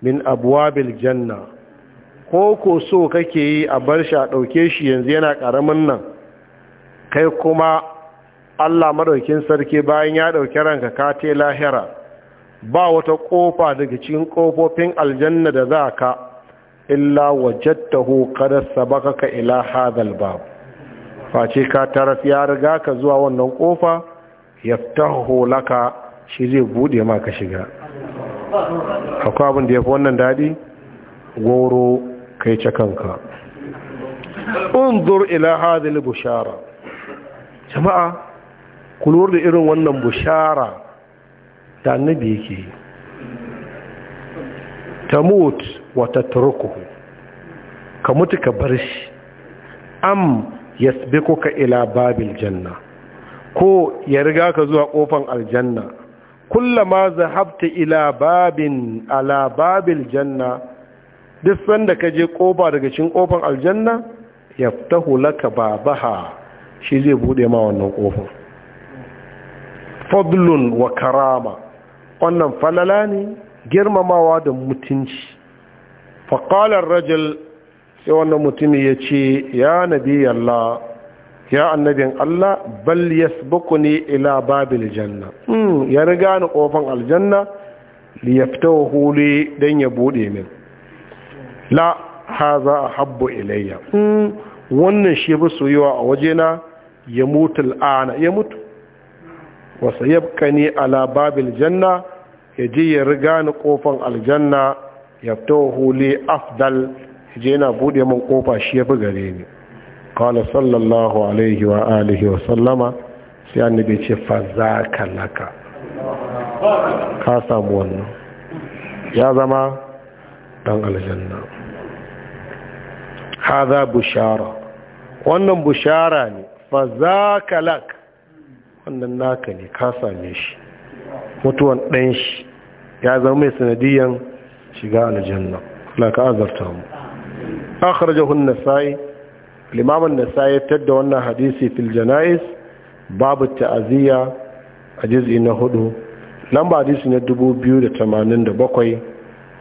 min abuwabil janna ko ko so kake yi a bar shi a ɗauke shi yanzu yana ƙaramin nan kai kuma Allah madaukin sarki bayan ya dauki ranka ka te lahira ba wata kofa daga cikin kofofin aljanna da za ka illa wajadtahu qad sabaqaka ila hadal bab face ka taraf ya riga ka zuwa wannan kofa yaftahu laka shi zai bude maka shiga akwai abin da ya wannan daɗi goro kai ce kanka unzur ila هذه البشاره jama'a ku lura da irin wannan bushara da annabi yake tamut wa turku ka mutu ka bar shi am ka ila babil janna ko ya riga ka zuwa kofan aljanna kullama zahabta ila babin ala babil janna duk sanda ka je kofa daga cikin kofan aljanna yaftahu laka babaha shi zai bude ma wannan kofin fadlun wa karama wannan falala ne girmamawa da mutunci faƙalar rajal sai wannan mutumi ya ce ya nabi Allah ya annabin Allah bal yasbukuni ila babil janna hmm, ya riga ni kofin aljanna li yaftahu li dan ya bude min la haza habbu ilayya hmm, wannan shi bi soyuwa a wajena ya mutu al'ana ya mutu wasu yabka ne a lababin janna ya ji ya riga ni kofan aljanna ya fito huli afdal ya je yana bude min kofa shi ya fi gare ni kala sallallahu alaihi wa alihi wa sallama sai annabi ce fa za ka laka ka samu wannan ya zama dan aljanna haza bushara wannan bushara ne fa za ka lak wannan naka ne ka same shi mutuwan ɗan shi ya zama mai sanadiyyan shiga aljanna Allah ka azarta mu akhrajahu an-nasai al-imam an-nasai tadda wannan hadisi fil janaiz babu ta'aziyya a juz'i na hudu lamba hadisi na 2087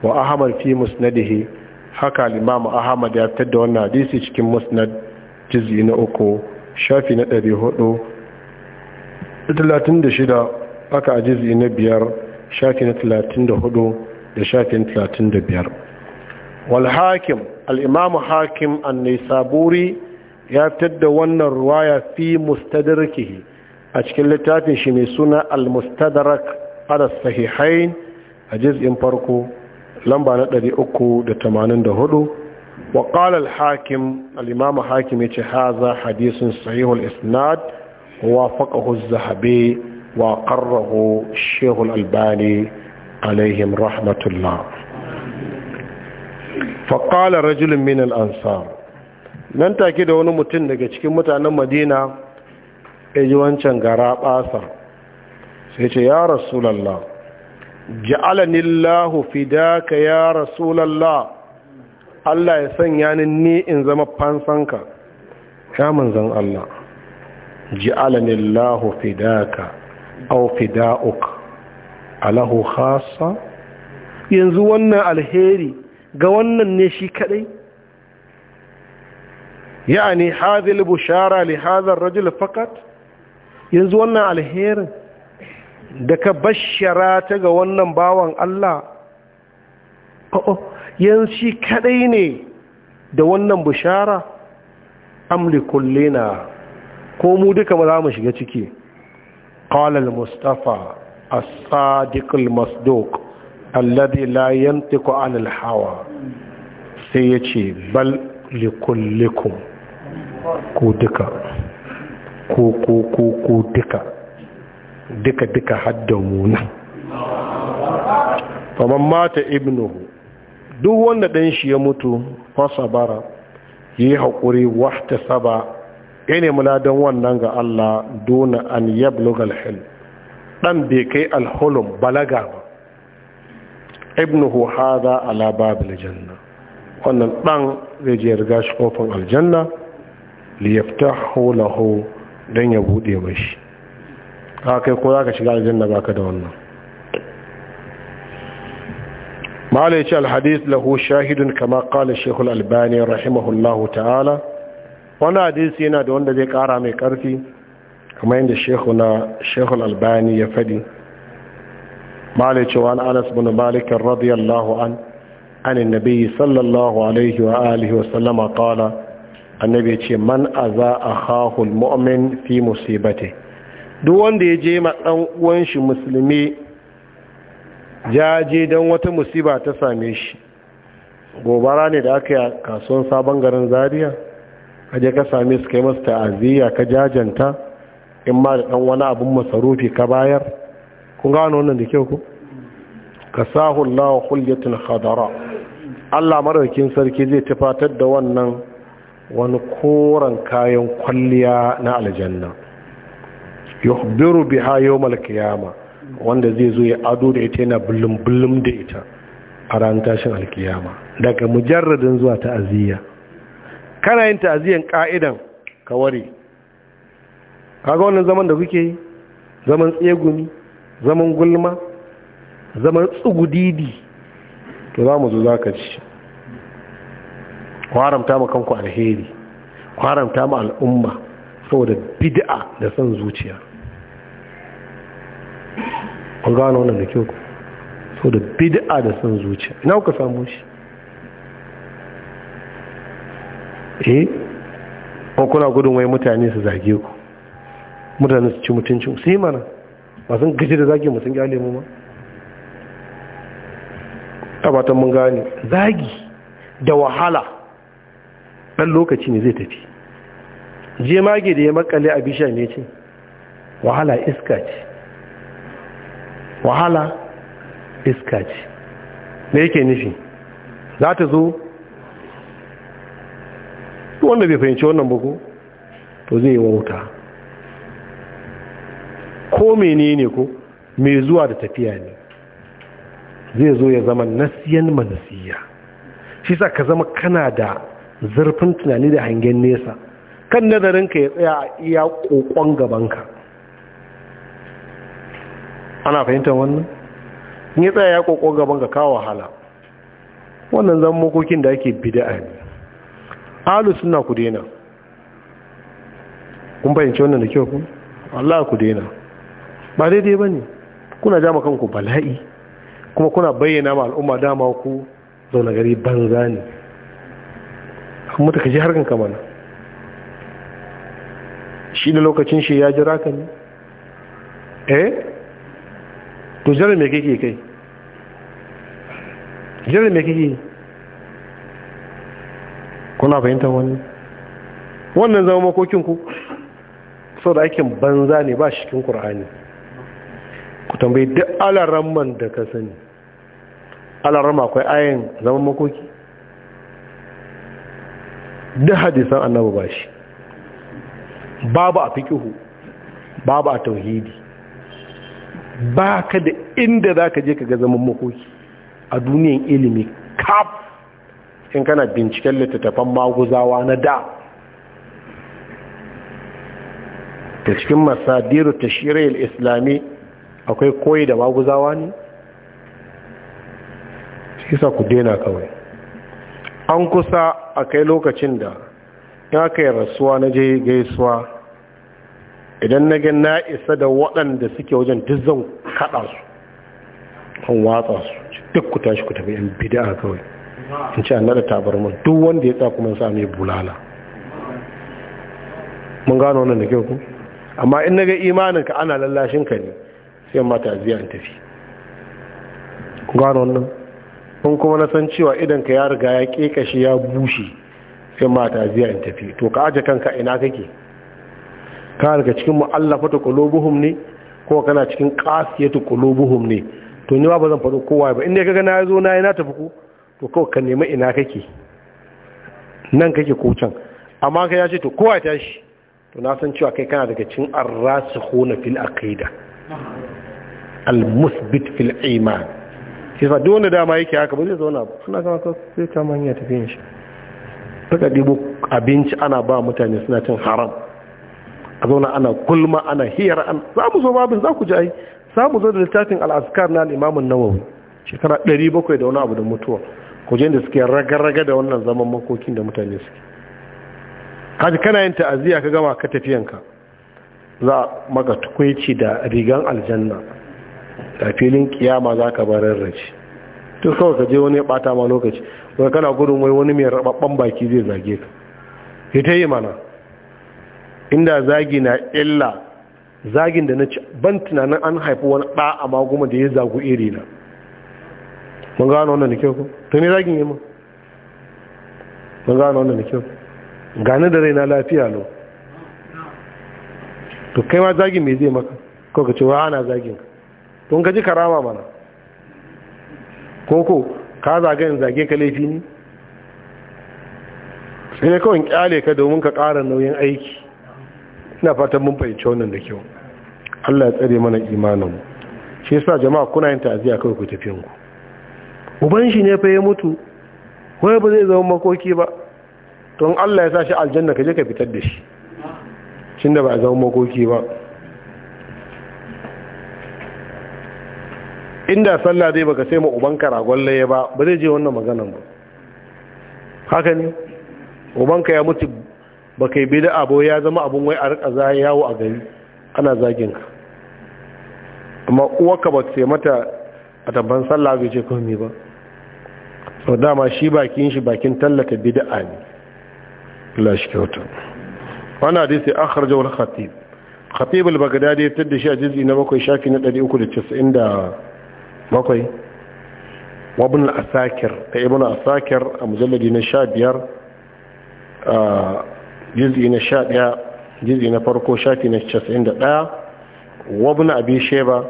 wa ahmad fi musnadihi haka al-imam ahmad ya da wannan hadisi cikin musnad juz'i na uku shafi na 436 aka ajizi na biyar shafi na 34 da shafi na 35 walhakim al'imamu hakim annai saburi ya fitar da wannan ruwaya fi mustadarki a cikin littafin shi mai suna al mustadarak ala sahihain a jiz'in farko lamba na 384 وقال الحاكم الإمام حاكم هذا حديث صحيح الإسناد ووافقه الذهبي وقره الشيخ الألباني عليهم رحمة الله فقال رجل من الأنصار nan take da wani mutum daga cikin mutanen madina ya ji wancan gara ɓasa, sai ce ya rasulallah ja'alanillahu fidaka ya rasulallah Allah ya sanya ni in zama fansanka ya manzan Allah ji'alani Allahu fidaka aw fida'uk alahu khassa yanzu wannan alheri ga wannan ne shi kadai yani hadhi al-bushara li hadha ar-rajul faqat yanzu wannan alherin da ka bashara ta ga wannan bawan Allah oh, oh, yanshi kadai ne da wannan bishara amli kullina ko mu duka ba za mu shiga ciki Qalal mustafa as-sadiq al-masduq alladhi la yantiqu hawa sai yace bal likullikum ku duka ku ku ku ku duka duka duka hadda mu faman mata ibnuhu duk wanda ɗan shi ya mutu fasa bara ya yi haƙuri wata saba ya nemi ladan wannan ga Allah duna an yablu galhil ɗan bai kai alhulun balaga ba ibnuhu hada ala babil janna wannan ɗan zai je riga shi kofin aljanna liyaftahu lahu don ya buɗe mashi ka kai ko za ka shiga aljanna baka da wannan mala ya ce alhadis lahu shahidun kama kala shekul albani rahimahullahu ta'ala wani hadisi yana da wanda zai kara mai karfi kama yadda shekuna shekul albani ya fadi mala ya ce wani anas bin malikin radiyallahu an an nabi sallallahu alaihi wa alihi wa sallama kala annabi ya ce man za a hahul mu'min fi musibate duk wanda ya je ma ɗan uwan shi musulmi ya je don wata musiba ta same shi gobara ne da aka yi a kasuwan sabon garin zariya zaria je ka same su kai masu ta'aziyya ka jajanta in ma da ɗan wani abin masarufi ka bayar kun gano wannan da kyau ku ka hula wa hulyatin hadara. allah maraukin sarki zai tufatar da wannan wani koren kayan kwalliya na aljanna yuhbiru biha yau malakiyama wanda zai zo ya ado da ita yana bullum bullum da ita a ranar tashin alkiyama daga mujarradin zuwa ta'aziyya kana yin ta'aziyyan ka'idan ka ware kaga wannan zaman da kuke yi zaman tsegumi zaman gulma zaman tsugudidi to za mu zo za ka ci haramta ma kanku alheri haramta ma al'umma saboda bid'a da son zuciya an gano wannan da kyau so da bid'a da sun zuciya ina kuka samu shi eh ko kuna gudun wai mutane su zage ku mutane su ci mutuncin sai mana ba sun gaji da zage mu sun gyale mu ma tabatan mun gane zagi da wahala dan lokaci ne zai tafi mage da ya makale a bisha ne ce wahala iska ce wahala iska ce me yake nufi za ta zo wanda bai fahimci wannan buku to zai yi wauta ko menene ko mai zuwa da tafiya ne zai zo ya zama nasiyan manasiya shi sa ka zama kana da zurfin tunani da hangen nesa kan nazarinka ya tsaya a iya kokon gabanka ana fahimtar wannan in ya tsaya ya kokon gaban ka kawo wahala wannan zan mokokin da ake bid'a ne alu suna ku daina kun fahimci wannan da kyau ku Allah ku daina ba daidai ba ne kuna ja kanku bala'i kuma kuna bayyana ma al'umma dama ku zaune gari banza ne amma ka ji harkar ka mana shi da lokacin shi ya jira ka ne eh to jiran mai kake kai jiran mai kake kuna fahimtar wani wannan zama makokinku sau da aikin banza ne ba cikin ƙur'ani ku tambayi duk alaramman da ka sani alarama akwai ayin zama makoki duk hadisan annabu ba shi babu a fikihu babu a tauhidi ba ka da inda za ka je ka ga zaman makoki a duniyan ilimi kaf in kana binciken littattafan maguzawa na da ta cikin masadiru ta shirai islami akwai koyi da maguzawa ne? kisa ku daina kawai an kusa a kai lokacin da ya kai rasuwa na je gaisuwa idan na gan na isa da waɗanda suke wajen duk zan kaɗa su kan watsa su duk ku tashi ku tafi yan bid'a kawai in ce annada tabarman duk wanda ya sa kuma sa bulala mun gano wannan da kyau ku amma in na ga imanin ka ana lallashin ka ne sai ta ziya in tafi ku gano wannan kun kuma na san cewa idan ka ya riga ya kekashe ya bushe sai ta ziya in tafi to ka aje kanka ina kake ka daga cikin mu'allafatu qulubuhum ne ko kana cikin qasiyatu qulubuhum ne to ni ba zan faɗo kowa ba inda kaga na zo na yi na tafi ku to kawai ka nemi ina kake nan kake ko can amma ka ya ce to kowa ya tashi to na san cewa kai kana daga cikin ar-rasikhuna fil aqida al-musbit fil iman sai fa duk wanda dama yake haka ba zai zauna ba suna kama sai ta manya tafiyin shi daga dibo abinci ana ba mutane suna cin haram a zauna ana gulma ana hiyar an za mu zo babin za ku ji ai za mu zo da littafin al'askar na limamin nawawi shekara 700 da wani abu da mutuwa ku je da suke ragarraga da wannan zaman makokin da mutane suke kaji kana yin ta'aziyya ka gama ka tafiyanka za maka tukunci da rigan aljanna da filin kiyama za ka bar race to kawai ka je wani ya bata ma lokaci wai kana gudun wai wani mai rababban baki zai zage ka ita yi mana inda zagi na illa zagin da na ci ban tunanin an haifi wani ɗa a magoma da ya zagu iri na mun gano wannan na kyau ku ta ne zagin yi mun mun gano wannan na kyau gani da rai na lafiya lo to kai ma zagin mai zai maka ko ka ce wa ana zagin ka to ka ji karama mana ko ko ka zaga yin zage ka laifi ne sai ne kawai kyale ka domin ka ƙara nauyin aiki ina fatan mun fahimci wannan da kyau Allah ya tsare mana imanin shi yasa jama'a kuna yin ta'aziyya kawai ku tafi ku uban shi ne fa ya mutu wai ba zai zama makoki ba to in Allah ya sa shi aljanna ka je ka fitar da shi shin da ba zama makoki ba inda sallah zai baka sai ma uban ka ragon laye ba ba zai je wannan maganan ba haka ne ka ya mutu ba yi bid'a abu ya zama abun wai a rika za yawo a gari ana zagin ka amma ka ba sai mata a tabban sallah bai ce komai ba sau dama shi bakin shi bakin tallata bid'a ne lashi shi kyauta wani hadisi akhrajahu jawar khatib khatib al da ya da shi a jizi na bakwai shafi na 397 wa ibn al-asakir da ibn al-asakir a mujalladi na 15 Jirgi na 11 jirgi na farko shafi na 91 wa ibn abi shayba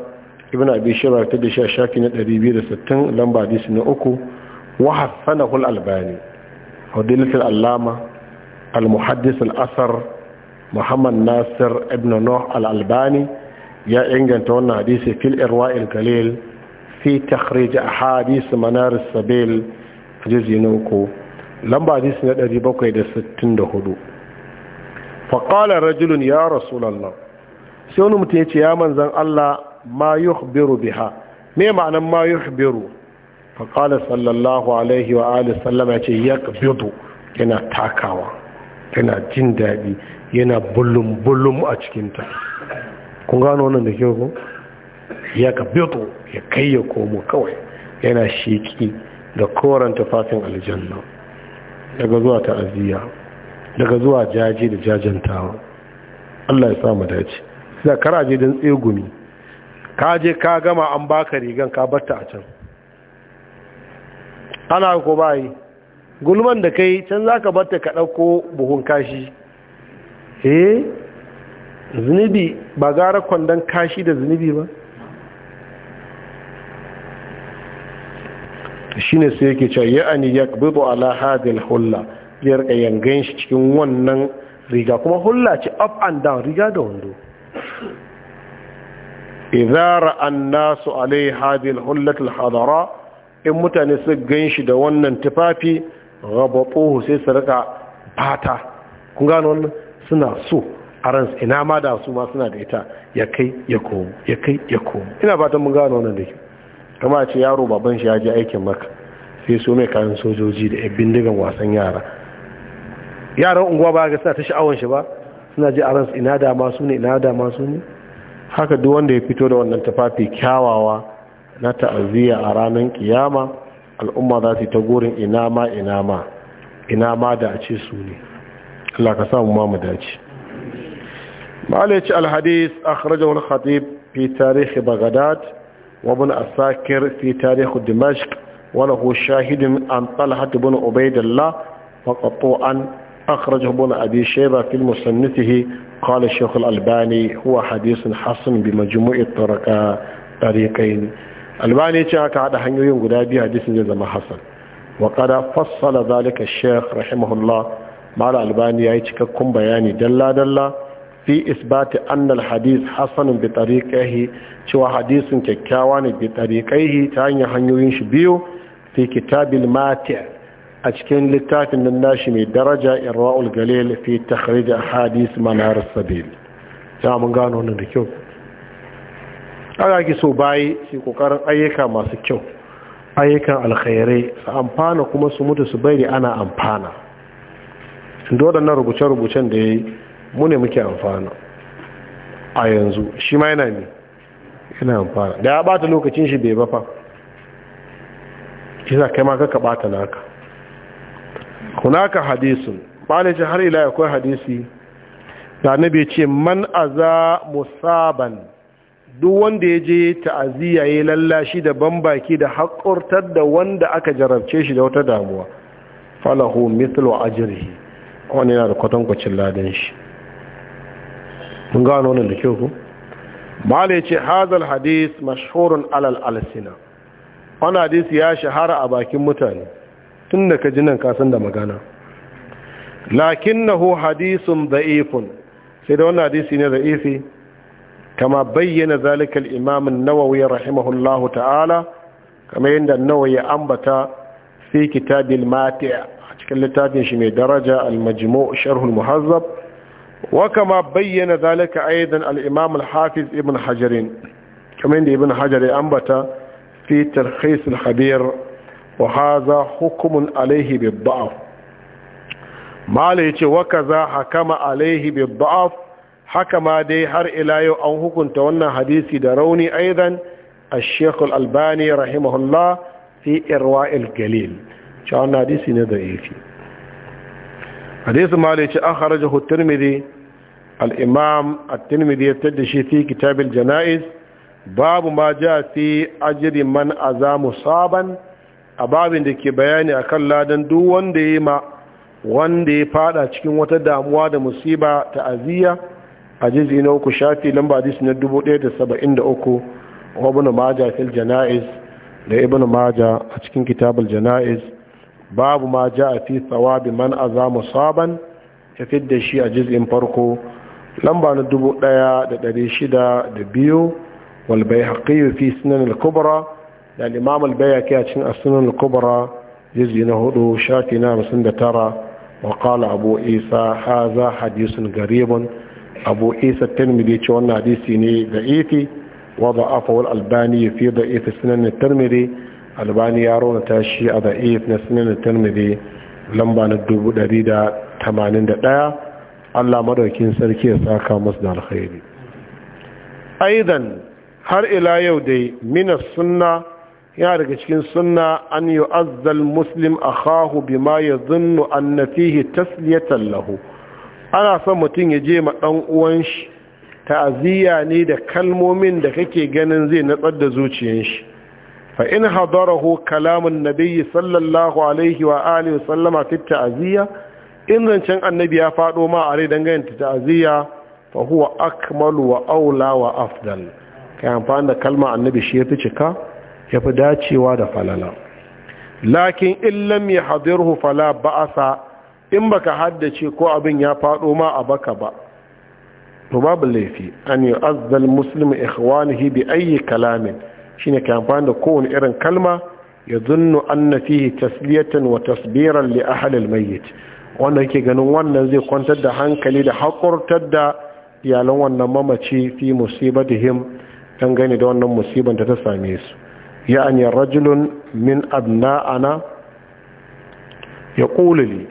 ibn abi shayba ta da shafi na biyu da sittin lamba hadisi na uku wa hasanahu al-albani fadilat al-allama al al-asr muhammad nasir ibn nuh al-albani ya inganta wannan hadisi fil irwa'il galil fi takhrij ahadith manar as-sabil juz'i na uku lamba hadisi na bakwai da da sittin hudu. faƙalar rajulun ya rasulallah sai wani mutum ya ce ya manzan Allah ma yukhbiru biha me ma'anan ma yukhbiru faƙalar sallallahu alaihi wa alihi sallama ce ya yana takawa yana jin daɗi yana bulum-bulum a cikinta kun gano wannan da kyau ko ya ya kai ya komo kawai yana sheƙi da koren tufafin aljanna daga zuwa ta'aziyya daga zuwa jaje da jajantawa Allah ya sa mu dace sai karaje dan tsegumi ka je ka gama an baka rigan ka batta a can ana ko bai gulman da kai can zaka batta ka dauko buhun kashi eh zunubi ba gara kwandon kashi da zunubi ba shine sai yake cewa ya'ani yaqbidu ala hadhihi hulla zai rika yangan shi cikin wannan riga kuma hula ce up and down riga da wando idara an nasu alai hadil hullatul hadara in mutane su gan shi da wannan tufafi rabaɓo sai su rika fata kun gano wannan suna so a ransu ina ma da su ma suna da ita ya kai ya komo ya kai ya komo ina fatan mun gano wannan da ke kama ce yaro baban shi ya ji aikin maka sai so mai kayan sojoji da yan bindigan wasan yara yaran unguwa ba ga sa ta sha'awan shi ba suna ji a ransu ina da masu ne ina da masu ne haka duk wanda ya fito da wannan tafafi kyawawa na ta'aziyya a ranar kiyama al'umma za su yi ta gurin ina ma ina da a ce su ne Allah ka samu ma mu dace malaci alhadis akhrajahu al-khatib fi tarikh baghdad wa ibn asakir fi tarikh dimashq wa lahu shahidun an talhat ibn ubaydillah wa an. أخرجه ابن أبي شيبة في مصنفه قال الشيخ الألباني هو حديث حسن بمجموع الطرق طريقين الألباني جاءك على حنيو ينقل حديث جزم حسن وقد فصل ذلك الشيخ رحمه الله مع الألباني يأتيك كم بياني دلا دلا في إثبات أن الحديث حسن بطريقه شوى حديث ككاوان بطريقه تاني حنيو ينشبيه في كتاب الماتع a cikin littafin nan nashi mai daraja irwa'ul galil fi takhrij ahadith manar sabil ta mun gano wannan da kyau aka ki so bayi su kokarin ayyuka masu kyau ayyukan alkhairai su amfana kuma su mutu su bari ana amfana da waɗannan rubuce-rubucen da ya yi mu ne muke amfana a yanzu shi ma yana ne yana amfana da ya bata lokacin shi bai bafa shi za kai ma kaka bata naka hunaka hadisun bane ce har ila akwai hadisi da annabi ce man aza musaban duk wanda ya je ta'aziyya ya lallashi da bambaki da haƙurtar da wanda aka jarabce shi da wata damuwa falahu mithlu ajrihi wani yana da kwatankwacin ladan shi mun gano wannan da kyau ko mala yace hadal hadith mashhurun alal alsina wannan hadisi ya shahara a bakin mutane tun da ka ji nan kasan da magana lakinnahu hadisun da'ifun sai da wannan hadisi ne da'ifi kama bayyana zalika al-imam an-nawawi rahimahullahu ta'ala kama yadda an-nawawi ya ambata fi kitabil mati' a cikin littafin shi mai daraja al-majmu' sharh al-muhazzab wa kama bayyana zalika aidan al-imam hafiz ibn hajarin. kama yadda ibn hajar ya ambata fi tarhis al wa haza hukumun alaihi bi da'af mala yace wa kaza hakama alaihi bi da'af haka ma dai har ila yau an hukunta wannan hadisi da rauni aidan الشيخ الألباني رحمه الله في إرواء القليل شعرنا حديث ضعيف حديث مالك أخرجه الترمذي الإمام الترمذي يتدشي في كتاب الجنائز باب ما جاء في أجر من أذى مصابا a babin da ke bayani a kan ladan duk wanda ya ma wanda ya fada cikin wata damuwa da musiba ta aziya a jizi na uku shafi lamba hadis na 1173 wa ibn maja fil janaiz da ibn maja a cikin kitabul janaiz babu ma ja fi tsawabi man azama saban ya fi da shi a jiz'in farko lamba na 1602 Walbai bayhaqi fi sunan al-kubra da limam albayaki a cikin asunan kubara kubra jizi na hudu shafi na hamsin da tara wa kala abu isa haza hadisun garibun abu isa tirmidhi ce wannan hadisi ne da ifi wa da'afa wal albani fi da'ifi sunan tirmidhi albani ya rauna tashi a da'if na sunan lamba na dubu ɗari da tamanin da ɗaya allah madaukin sarki ya saka masu da alkhairi aidan har ila yau dai mina sunna yana daga cikin sunna an azzal muslim a akhahu bima an na fihi tasliyatan lahu ana son mutum ya je ma dan uwan shi ta'aziyya ne da kalmomin da kake ganin zai natsar da zuciyar shi fa in hadarahu kalamun nabiyyi sallallahu alaihi wa alihi sallama fi ta'aziyya in zancen annabi ya fado ma a rai dangane ta'aziyya fa huwa akmalu wa aula wa afdal kai amfani da kalma annabi shi ya fi cika ya fi dacewa da falala lakin illam ya hadiru fala ba'asa in baka haddace ko abin ya faɗo ma a baka ba to babu laifi an yi azzal muslim ikhwanihi bi ayi kalamin shine ka amfani da kowane irin kalma ya zunnu anna fihi tasliyatan wa tasbiran li ahli mayyit wanda yake ganin wannan zai kwantar da hankali da hakurtar da iyalan wannan mamaci fi musibatihim dangane da wannan musibar da ta same su يعني رجل من أبناءنا يقول لي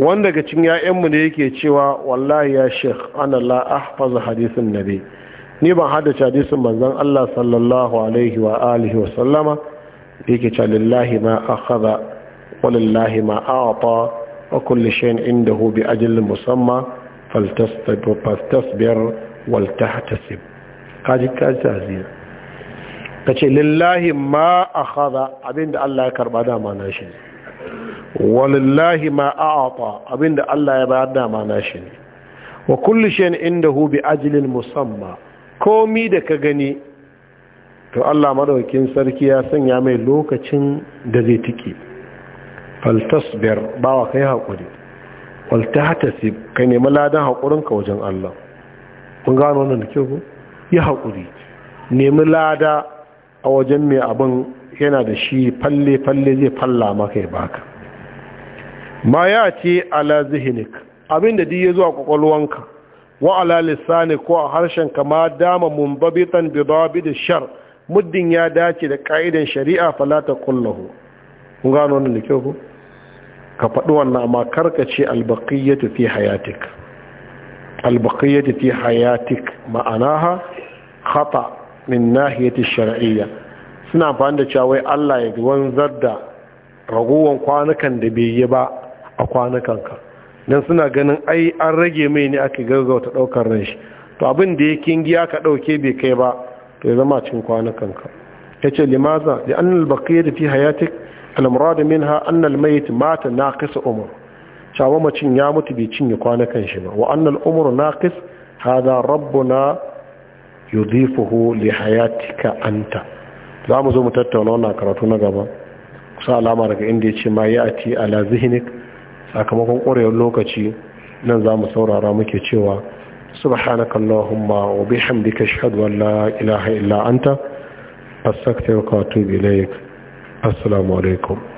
wanda daga cikin ‘ya'yanmu ne yake cewa wallahi ya sheikh ana la ahfaza hadisin nabi ni ban haddace hadisin manzon Allah sallallahu alaihi wa alihi wa sallama da yake cewa ma akhadha wa lillahi ma a'ta wa kulli shay'in indahu bi ajalin musamma faltastabir wal tahtasib kaji kaji azira ka ce lillahi ma a haza abinda Allah ya karba dama na shi ne lillahi ma a afa abinda Allah ya bayar da na shi ne wa kulli shan inda hu bi ajilin musamma komi da ka gani to Allah madaukin sarki ya sanya mai lokacin da zai tike ba bawa kai haƙuri waltahatasib ka nemi ladan haƙurinka wajen Allah mun gano wannan da kyau ku yi haƙuri nemi lada a wajen mai abin yana da shi falle-falle zai falla maka ba baka ma ya ce ala zihinik abin da zuwa kwakwalwanka wa ala lissani ko a harshen kama dama mumbabitan bidabi da shar muddin ya dace da ka'idan shari'a falata kullahu kun gano wannan da kyau ka faɗi wannan amma ce albaqiyyatu fi hayatik albaqiyyatu fi hayatik ma'anaha khata min nahiyati shar'iyya suna amfani da cewa wai Allah ya wanzar da ragowan kwanukan da bai yi ba a kwanukanka don suna ganin ai an rage mai ne aka gaggauta daukar ran shi to abin da ya ngiya ka dauke bai kai ba to ya zama cikin kwanukanka yace limaza li anna al-baqiyata fi hayatik al-murad minha anna al-mayt mata naqis umr cewa mamacin ya mutu bai cinye kwanukan shi ba wa anna al-umr naqis hada rabbuna yudhifuhu li hayatika anta za mu zo mu tattauna wannan karatu na gaba kusa alama daga inda ya ce ma ya ati ala zihnik sakamakon ƙwarewar lokaci nan za mu saurara muke cewa subhanaka allahumma wa bihamdika ashhadu an la ilaha illa anta astaghfiruka wa atubu ilayk assalamu alaikum